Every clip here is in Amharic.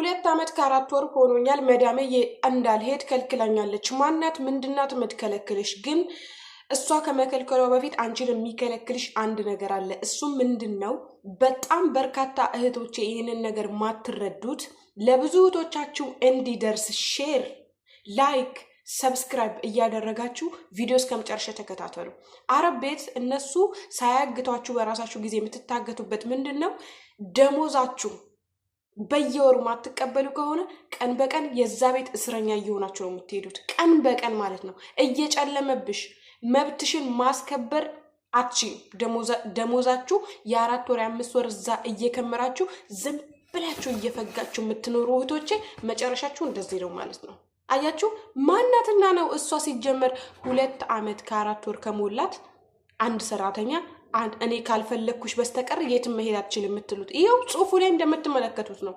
ሁለት ዓመት ከአራት ወር ሆኖኛል። መዳሜ እንዳልሄድ ከልክለኛለች። ማናት? ምንድናት የምትከለክልሽ? ግን እሷ ከመከልከሏ በፊት አንቺን የሚከለክልሽ አንድ ነገር አለ። እሱም ምንድን ነው? በጣም በርካታ እህቶቼ ይህንን ነገር ማትረዱት ለብዙ እህቶቻችሁ እንዲደርስ ሼር፣ ላይክ፣ ሰብስክራይብ እያደረጋችሁ ቪዲዮ እስከ መጨረሻ ተከታተሉ። አረብ ቤት እነሱ ሳያግቷችሁ በራሳችሁ ጊዜ የምትታገቱበት ምንድን ነው ደሞዛችሁ በየወሩ ማትቀበሉ ከሆነ ቀን በቀን የዛ ቤት እስረኛ እየሆናቸው ነው የምትሄዱት። ቀን በቀን ማለት ነው እየጨለመብሽ መብትሽን ማስከበር አቺ ደሞዛችሁ የአራት ወር የአምስት ወር እዛ እየከመራችሁ ዝም ብላችሁ እየፈጋችሁ የምትኖሩ እህቶቼ መጨረሻችሁ እንደዚህ ነው ማለት ነው። አያችሁ ማናትና ነው እሷ ሲጀመር ሁለት ዓመት ከአራት ወር ከሞላት አንድ ሰራተኛ እኔ ካልፈለግኩሽ በስተቀር የትም መሄድ አትችልም የምትሉት ይኸው ጽሁፉ ላይ እንደምትመለከቱት ነው።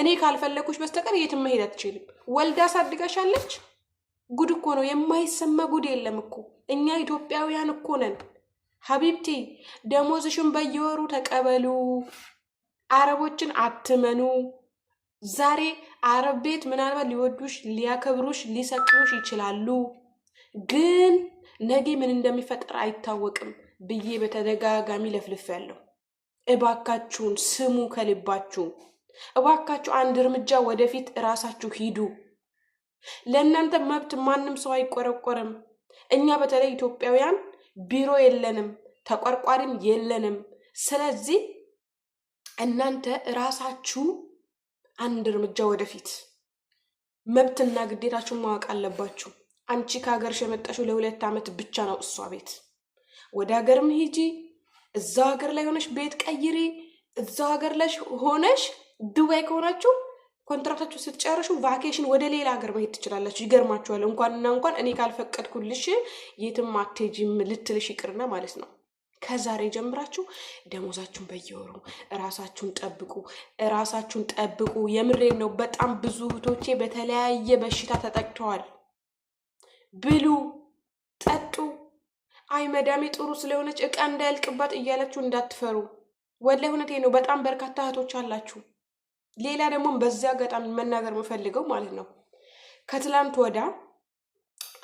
እኔ ካልፈለግኩሽ በስተቀር የትም መሄድ አትችልም። ወልዳ አሳድጋሻለች። ጉድ እኮ ነው፣ የማይሰማ ጉድ የለም እኮ እኛ ኢትዮጵያውያን እኮ ነን። ሀቢብቲ ደሞዝሽን በየወሩ ተቀበሉ። አረቦችን አትመኑ። ዛሬ አረብ ቤት ምናልባት ሊወዱሽ፣ ሊያከብሩሽ፣ ሊሰቅሉሽ ይችላሉ፣ ግን ነገ ምን እንደሚፈጠር አይታወቅም። ብዬ በተደጋጋሚ ለፍልፍ ያለው እባካችሁን ስሙ ከልባችሁ። እባካችሁ አንድ እርምጃ ወደፊት እራሳችሁ ሂዱ። ለእናንተ መብት ማንም ሰው አይቆረቆርም። እኛ በተለይ ኢትዮጵያውያን ቢሮ የለንም፣ ተቆርቋሪም የለንም። ስለዚህ እናንተ እራሳችሁ አንድ እርምጃ ወደፊት መብትና ግዴታችሁን ማወቅ አለባችሁ። አንቺ ከሀገርሽ የመጣሽው ለሁለት ዓመት ብቻ ነው እሷ ቤት ወደ ሀገርም ሂጂ፣ እዛው ሀገር ላይ ሆነሽ ቤት ቀይሪ፣ እዛው ሀገር ላይ ሆነሽ ዱባይ ከሆናችሁ ኮንትራክታችሁ ስትጨርሹ ቫኬሽን ወደ ሌላ ሀገር መሄድ ትችላላችሁ። ይገርማችኋል። እና እንኳን እኔ ካልፈቀድኩልሽ የትም አትሄጂም ልትልሽ ይቅርና ማለት ነው። ከዛሬ ጀምራችሁ ደሞዛችሁን በየወሩ እራሳችሁን ጠብቁ፣ እራሳችሁን ጠብቁ። የምሬን ነው። በጣም ብዙ እህቶቼ በተለያየ በሽታ ተጠቅተዋል። ብሉ፣ ጠጡ አይ መዳሜ ጥሩ ስለሆነች እቃ እንዳያልቅባት እያላችሁ እንዳትፈሩ። ወላሂ እውነቴ ነው። በጣም በርካታ እህቶች አላችሁ። ሌላ ደግሞ በዚያ አጋጣሚ መናገር የምፈልገው ማለት ነው ከትላንት ወዳ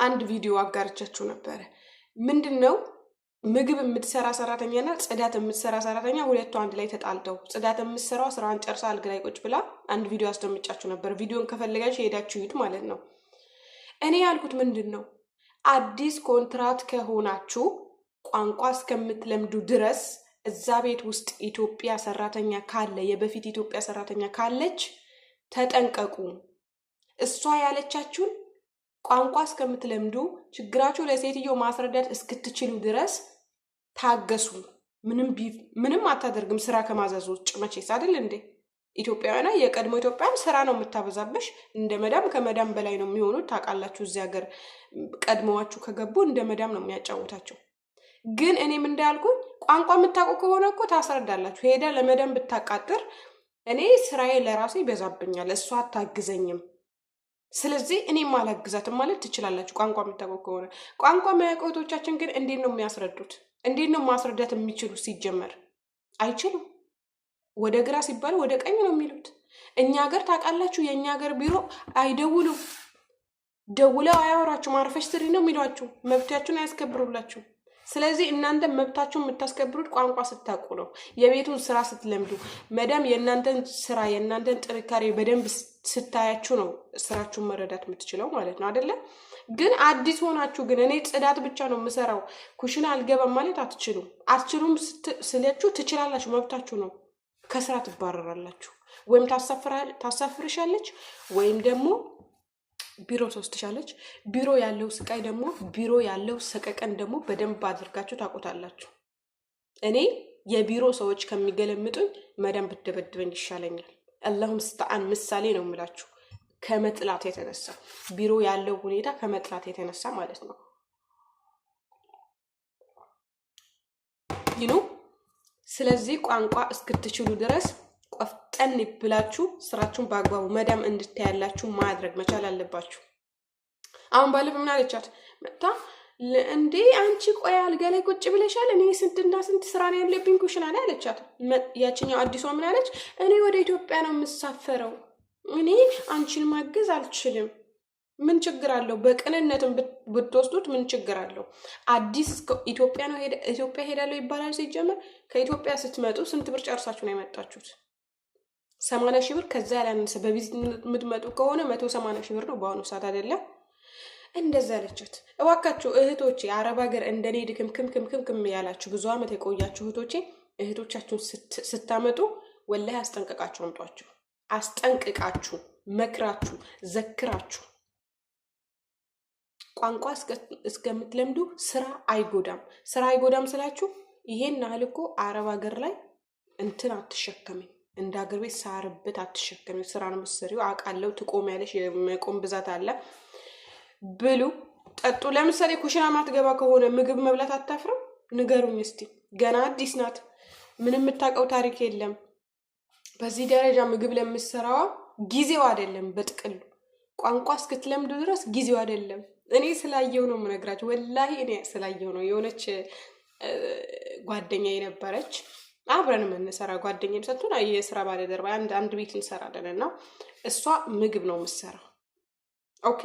አንድ ቪዲዮ አጋርቻችሁ ነበረ። ምንድን ነው ምግብ የምትሰራ ሰራተኛና ጽዳት የምትሰራ ሰራተኛ ሁለቱ አንድ ላይ ተጣልተው ጽዳት የምትሰራው ስራዋን ጨርሳ አልጋ ላይ ቁጭ ብላ አንድ ቪዲዮ አስደምጫችሁ ነበር። ቪዲዮን ከፈለጋችሁ ሄዳችሁ ይዩት ማለት ነው። እኔ ያልኩት ምንድን ነው አዲስ ኮንትራት ከሆናችሁ ቋንቋ እስከምትለምዱ ድረስ እዛ ቤት ውስጥ ኢትዮጵያ ሰራተኛ ካለ የበፊት ኢትዮጵያ ሰራተኛ ካለች ተጠንቀቁ። እሷ ያለቻችሁን ቋንቋ እስከምትለምዱ ችግራችሁ ለሴትዮ ማስረዳት እስክትችሉ ድረስ ታገሱ። ምንም አታደርግም ስራ ከማዘዝ ውጭ መቼስ አይደል እንዴ? ኢትዮጵያውያና የቀድሞ ኢትዮጵያን ስራ ነው የምታበዛብሽ። እንደ መዳም ከመዳም በላይ ነው የሚሆኑት። ታውቃላችሁ፣ እዚህ ሀገር ቀድመዋችሁ ከገቡ እንደ መዳም ነው የሚያጫውታቸው። ግን እኔም እንዳልኩኝ ቋንቋ የምታውቁ ከሆነ እኮ ታስረዳላችሁ። ሄዳ ለመዳም ብታቃጥር እኔ ስራዬ ለራሴ ይበዛብኛል፣ እሷ አታግዘኝም። ስለዚህ እኔም አላግዛትም ማለት ትችላላችሁ፣ ቋንቋ የምታውቁ ከሆነ። ቋንቋ ማያውቁቶቻችን ግን እንዴት ነው የሚያስረዱት? እንዴት ነው ማስረዳት የሚችሉት? ሲጀመር አይችሉም። ወደ ግራ ሲባል ወደ ቀኝ ነው የሚሉት። እኛ ሀገር ታውቃላችሁ፣ የእኛ ሀገር ቢሮ አይደውሉም። ደውለው አያወራችሁም። አርፈሽ ስሪ ነው የሚሏችሁ። መብታችሁን አያስከብሩላችሁ። ስለዚህ እናንተ መብታችሁን የምታስከብሩት ቋንቋ ስታውቁ ነው። የቤቱን ስራ ስትለምዱ፣ መዳም የእናንተን ስራ የእናንተን ጥንካሬ በደንብ ስታያችሁ ነው ስራችሁን መረዳት የምትችለው ማለት ነው አይደለም። ግን አዲስ ሆናችሁ ግን እኔ ጽዳት ብቻ ነው የምሰራው ኩሽና አልገባም ማለት አትችሉም። አትችሉም ስለችሁ ትችላላችሁ፣ መብታችሁ ነው። ከስራ ትባረራላችሁ። ወይም ታሳፍርሻለች ወይም ደግሞ ቢሮ ትወስድሻለች። ቢሮ ያለው ስቃይ ደግሞ ቢሮ ያለው ሰቀቀን ደግሞ በደንብ አድርጋችሁ ታውቁታላችሁ። እኔ የቢሮ ሰዎች ከሚገለምጡኝ መዳም ብትደበድበኝ ይሻለኛል። አላሁም ስተአን ምሳሌ ነው የምላችሁ። ከመጥላት የተነሳ ቢሮ ያለው ሁኔታ ከመጥላት የተነሳ ማለት ነው ይኑ ስለዚህ ቋንቋ እስክትችሉ ድረስ ቆፍጠን ብላችሁ ስራችሁን በአግባቡ መዳም እንድታያላችሁ ማድረግ መቻል አለባችሁ። አሁን ባለፈው ምን አለቻት መጥታ እንዴ አንቺ ቆይ አልጋ ላይ ቁጭ ብለሻል፣ እኔ ስንትና ስንት ስራ ነው ያለብኝ ኩሽና ላይ አለቻት። ያችኛው አዲሷ ምን አለች? እኔ ወደ ኢትዮጵያ ነው የምሳፈረው፣ እኔ አንቺን ማገዝ አልችልም ምን ችግር አለው? በቅንነትም ብትወስዱት ምን ችግር አለው? አዲስ ኢትዮጵያ ነው ኢትዮጵያ ሄዳለሁ ይባላል። ሲጀመር ከኢትዮጵያ ስትመጡ ስንት ብር ጨርሳችሁ ነው የመጣችሁት? ሰማንያ ሺህ ብር ከዛ ያላነሰ በቪዚት የምትመጡ ከሆነ መቶ ሰማንያ ሺህ ብር ነው በአሁኑ ሰዓት አይደለም። እንደዛ አለቻት። እባካችሁ እህቶቼ፣ አረብ ሀገር እንደኔ ድክም ክም ክም ክም ክም ያላችሁ ብዙ ዓመት የቆያችሁ እህቶቼ እህቶቻችሁን ስታመጡ ወላሂ አስጠንቅቃችሁ አምጧችሁ። አስጠንቅቃችሁ መክራችሁ ዘክራችሁ ቋንቋ እስከምትለምዱ ስራ አይጎዳም። ስራ አይጎዳም ስላችሁ ይሄን ያህል እኮ አረብ ሀገር ላይ እንትን አትሸከሚ እንደ ሀገር ቤት ሳርበት አትሸከሚ። ስራ ነው ምስሪው አውቃለሁ። ትቆም ያለሽ የመቆም ብዛት አለ። ብሉ ጠጡ። ለምሳሌ ኩሽና ማትገባ ከሆነ ምግብ መብላት አታፍርም? ንገሩኝ እስቲ። ገና አዲስ ናት፣ ምንም የምታውቀው ታሪክ የለም። በዚህ ደረጃ ምግብ ለምሰራዋ ጊዜው አይደለም በጥቅሉ ቋንቋ እስክትለምዱ ድረስ ጊዜው አይደለም። እኔ ስላየው ነው የምነግራቸው። ወላሂ እኔ ስላየው ነው። የሆነች ጓደኛ የነበረች አብረን የምንሰራ ጓደኛ ሰቱን የስራ ባለደርባ አንድ ቤት እንሰራለን እና እሷ ምግብ ነው የምሰራው። ኦኬ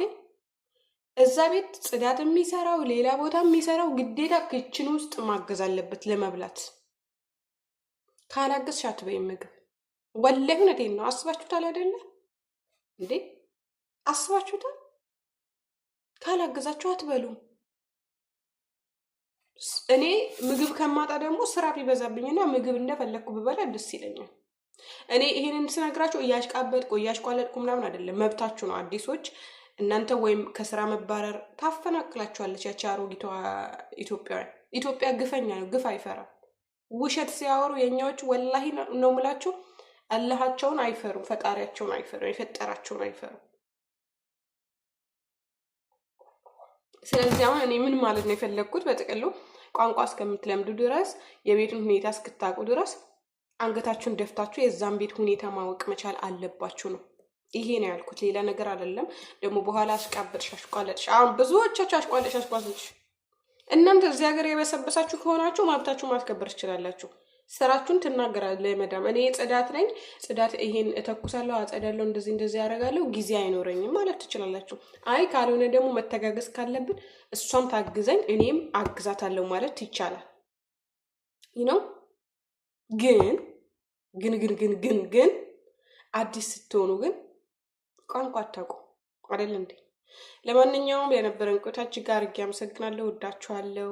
እዛ ቤት ጽዳት የሚሰራው ሌላ ቦታ የሚሰራው ግዴታ ክችን ውስጥ ማገዝ አለበት ለመብላት። ካላገዝሽ አትበይም ምግብ። ወላሂ እውነቴን ነው። አስባችሁታል አይደለ እንዴ? አስባችሁታል? ካላገዛችሁ አትበሉም። እኔ ምግብ ከማጣ ደግሞ ስራ ቢበዛብኝና ምግብ እንደፈለግኩ ብበላ ደስ ይለኛል። እኔ ይሄንን ስነግራቸው እያሽቃበጥኩ እያሽቋለጥኩ ምናምን አይደለም። መብታችሁ ነው። አዲሶች እናንተ ወይም ከስራ መባረር ታፈናቅላችኋለች ያቺ አሮጊቷ ኢትዮጵያውያን። ኢትዮጵያ ግፈኛ ነው፣ ግፍ አይፈራም። ውሸት ሲያወሩ የእኛዎች ወላሂ ነው ምላችሁ፣ አላሃቸውን አይፈሩም፣ ፈጣሪያቸውን አይፈሩም፣ የፈጠራቸውን አይፈሩም። ስለዚህ አሁን እኔ ምን ማለት ነው የፈለግኩት በጥቅሉ ቋንቋ እስከምትለምዱ ድረስ የቤቱን ሁኔታ እስክታውቁ ድረስ አንገታችሁን ደፍታችሁ የዛን ቤት ሁኔታ ማወቅ መቻል አለባችሁ ነው። ይሄ ነው ያልኩት፣ ሌላ ነገር አይደለም። ደግሞ በኋላ አሽቃበጥሽ አሽቋለጥሽ። አሁን ብዙዎቻችሁ አሽቋለጥሽ አሽቋለጥሽ። እናንተ እዚህ ሀገር የበሰበሳችሁ ከሆናችሁ መብታችሁ ማስከበር ትችላላችሁ። ስራችሁን ትናገራለህ። መዳም እኔ ጽዳት ነኝ፣ ጽዳት ይሄን እተኩሳለሁ፣ አጸዳለሁ፣ እንደዚህ እንደዚህ ያደርጋለሁ፣ ጊዜ አይኖረኝም ማለት ትችላላችሁ። አይ ካልሆነ ደግሞ መተጋገዝ ካለብን እሷም ታግዘኝ እኔም አግዛታለሁ ማለት ይቻላል። ይነው ግን ግን ግን ግን ግን ግን አዲስ ስትሆኑ ግን ቋንቋ አታውቁም አይደል እንዴ? ለማንኛውም የነበረን ቆይታ እጅግ አድርጌ አመሰግናለሁ። ወዳችኋለሁ።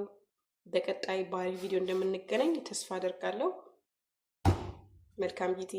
በቀጣይ ባህሪ ቪዲዮ እንደምንገናኝ ተስፋ አደርጋለሁ። መልካም ጊዜ